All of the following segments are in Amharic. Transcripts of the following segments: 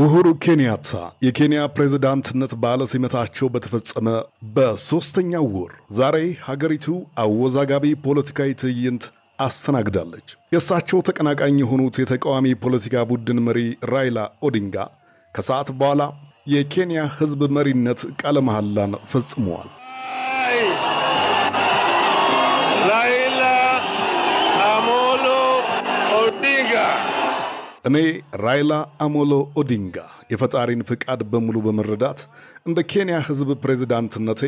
ኡሁሩ ኬንያታ የኬንያ ፕሬዝዳንትነት በዓለ ሲመታቸው በተፈጸመ በሦስተኛው ወር ዛሬ ሀገሪቱ አወዛጋቢ ፖለቲካዊ ትዕይንት አስተናግዳለች። የእሳቸው ተቀናቃኝ የሆኑት የተቃዋሚ ፖለቲካ ቡድን መሪ ራይላ ኦዲንጋ ከሰዓት በኋላ የኬንያ ሕዝብ መሪነት ቃለ መሐላን ፈጽመዋል። ራይላ አሞሎ ኦዲንጋ እኔ ራይላ አሞሎ ኦዲንጋ የፈጣሪን ፍቃድ በሙሉ በመረዳት እንደ ኬንያ ሕዝብ ፕሬዝዳንትነቴ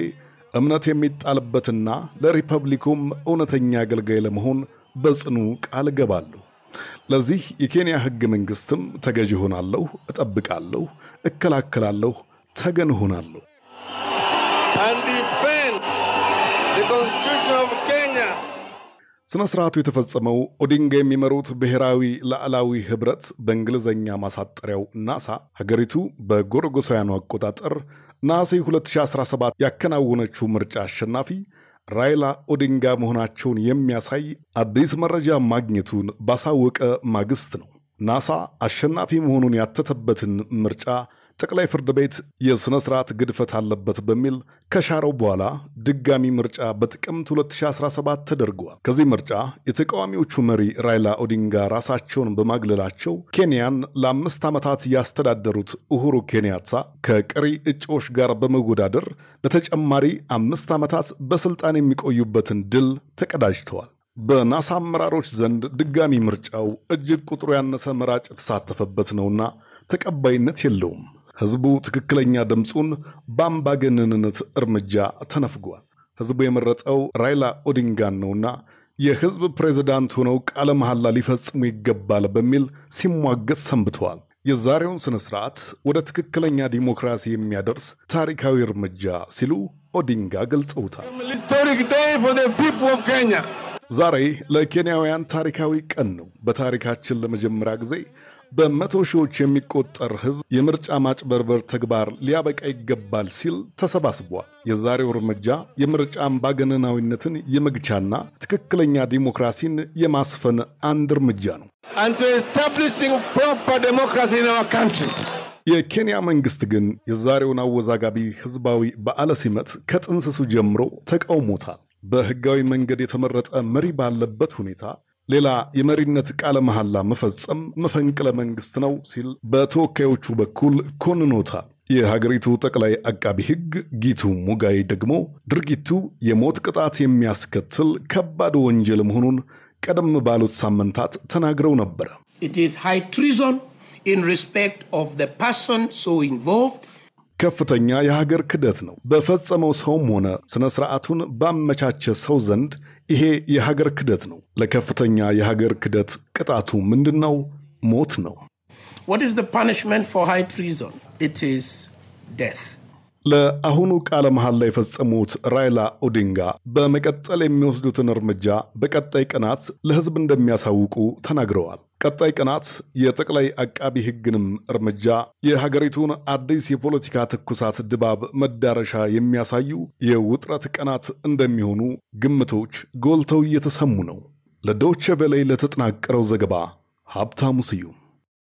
እምነት የሚጣልበትና ለሪፐብሊኩም እውነተኛ አገልጋይ ለመሆን በጽኑ ቃል እገባለሁ። ለዚህ የኬንያ ሕገ መንግሥትም ተገዥ ሆናለሁ፣ እጠብቃለሁ፣ እከላከላለሁ፣ ተገን ሆናለሁ። ስነ ስርዓቱ የተፈጸመው ኦዲንጋ የሚመሩት ብሔራዊ ላዕላዊ ህብረት በእንግሊዝኛ ማሳጠሪያው ናሳ ሀገሪቱ በጎረጎሳውያኑ አቆጣጠር ናሴ 2017 ያከናወነችው ምርጫ አሸናፊ ራይላ ኦዲንጋ መሆናቸውን የሚያሳይ አዲስ መረጃ ማግኘቱን ባሳወቀ ማግስት ነው። ናሳ አሸናፊ መሆኑን ያተተበትን ምርጫ ጠቅላይ ፍርድ ቤት የሥነ ሥርዓት ግድፈት አለበት በሚል ከሻረው በኋላ ድጋሚ ምርጫ በጥቅምት 2017 ተደርጓል። ከዚህ ምርጫ የተቃዋሚዎቹ መሪ ራይላ ኦዲንጋ ራሳቸውን በማግለላቸው ኬንያን ለአምስት ዓመታት ያስተዳደሩት ኡሁሩ ኬንያታ ከቀሪ እጩዎች ጋር በመወዳደር ለተጨማሪ አምስት ዓመታት በሥልጣን የሚቆዩበትን ድል ተቀዳጅተዋል። በናሳ አመራሮች ዘንድ ድጋሚ ምርጫው እጅግ ቁጥሩ ያነሰ መራጭ የተሳተፈበት ነውና ተቀባይነት የለውም። ሕዝቡ ትክክለኛ ድምፁን በአምባገነንነት እርምጃ ተነፍጓል። ሕዝቡ የመረጠው ራይላ ኦዲንጋን ነውና የሕዝብ ፕሬዝዳንት ሆነው ቃለ መሐላ ሊፈጽሙ ይገባል በሚል ሲሟገት ሰንብተዋል። የዛሬውን ሥነ ሥርዓት ወደ ትክክለኛ ዲሞክራሲ የሚያደርስ ታሪካዊ እርምጃ ሲሉ ኦዲንጋ ገልጸውታል። ዛሬ ለኬንያውያን ታሪካዊ ቀን ነው። በታሪካችን ለመጀመሪያ ጊዜ በመቶ ሺዎች የሚቆጠር ሕዝብ የምርጫ ማጭበርበር ተግባር ሊያበቃ ይገባል ሲል ተሰባስቧል። የዛሬው እርምጃ የምርጫ አምባገነናዊነትን የመግቻና ትክክለኛ ዲሞክራሲን የማስፈን አንድ እርምጃ ነው። የኬንያ መንግስት ግን የዛሬውን አወዛጋቢ ህዝባዊ በዓለ ሲመት ከጥንስሱ ጀምሮ ተቃውሞታል። በህጋዊ መንገድ የተመረጠ መሪ ባለበት ሁኔታ ሌላ የመሪነት ቃለ መሐላ መፈጸም መፈንቅለ መንግስት ነው ሲል በተወካዮቹ በኩል ኮንኖታል። የሀገሪቱ ጠቅላይ አቃቢ ሕግ ጊቱ ሙጋይ ደግሞ ድርጊቱ የሞት ቅጣት የሚያስከትል ከባድ ወንጀል መሆኑን ቀደም ባሉት ሳምንታት ተናግረው ነበረ። ከፍተኛ የሀገር ክደት ነው። በፈጸመው ሰውም ሆነ ስነ ስርዓቱን ባመቻቸ ሰው ዘንድ ይሄ የሀገር ክደት ነው። ለከፍተኛ የሀገር ክደት ቅጣቱ ምንድን ነው? ሞት ነው። What is ለአሁኑ ቃለ መሃል ላይ የፈጸሙት ራይላ ኦዲንጋ በመቀጠል የሚወስዱትን እርምጃ በቀጣይ ቀናት ለሕዝብ እንደሚያሳውቁ ተናግረዋል። ቀጣይ ቀናት የጠቅላይ አቃቢ ሕግንም እርምጃ የሀገሪቱን አዲስ የፖለቲካ ትኩሳት ድባብ መዳረሻ የሚያሳዩ የውጥረት ቀናት እንደሚሆኑ ግምቶች ጎልተው እየተሰሙ ነው። ለዶቸ ቬለ ለተጠናቀረው ዘገባ ሀብታሙ ስዩም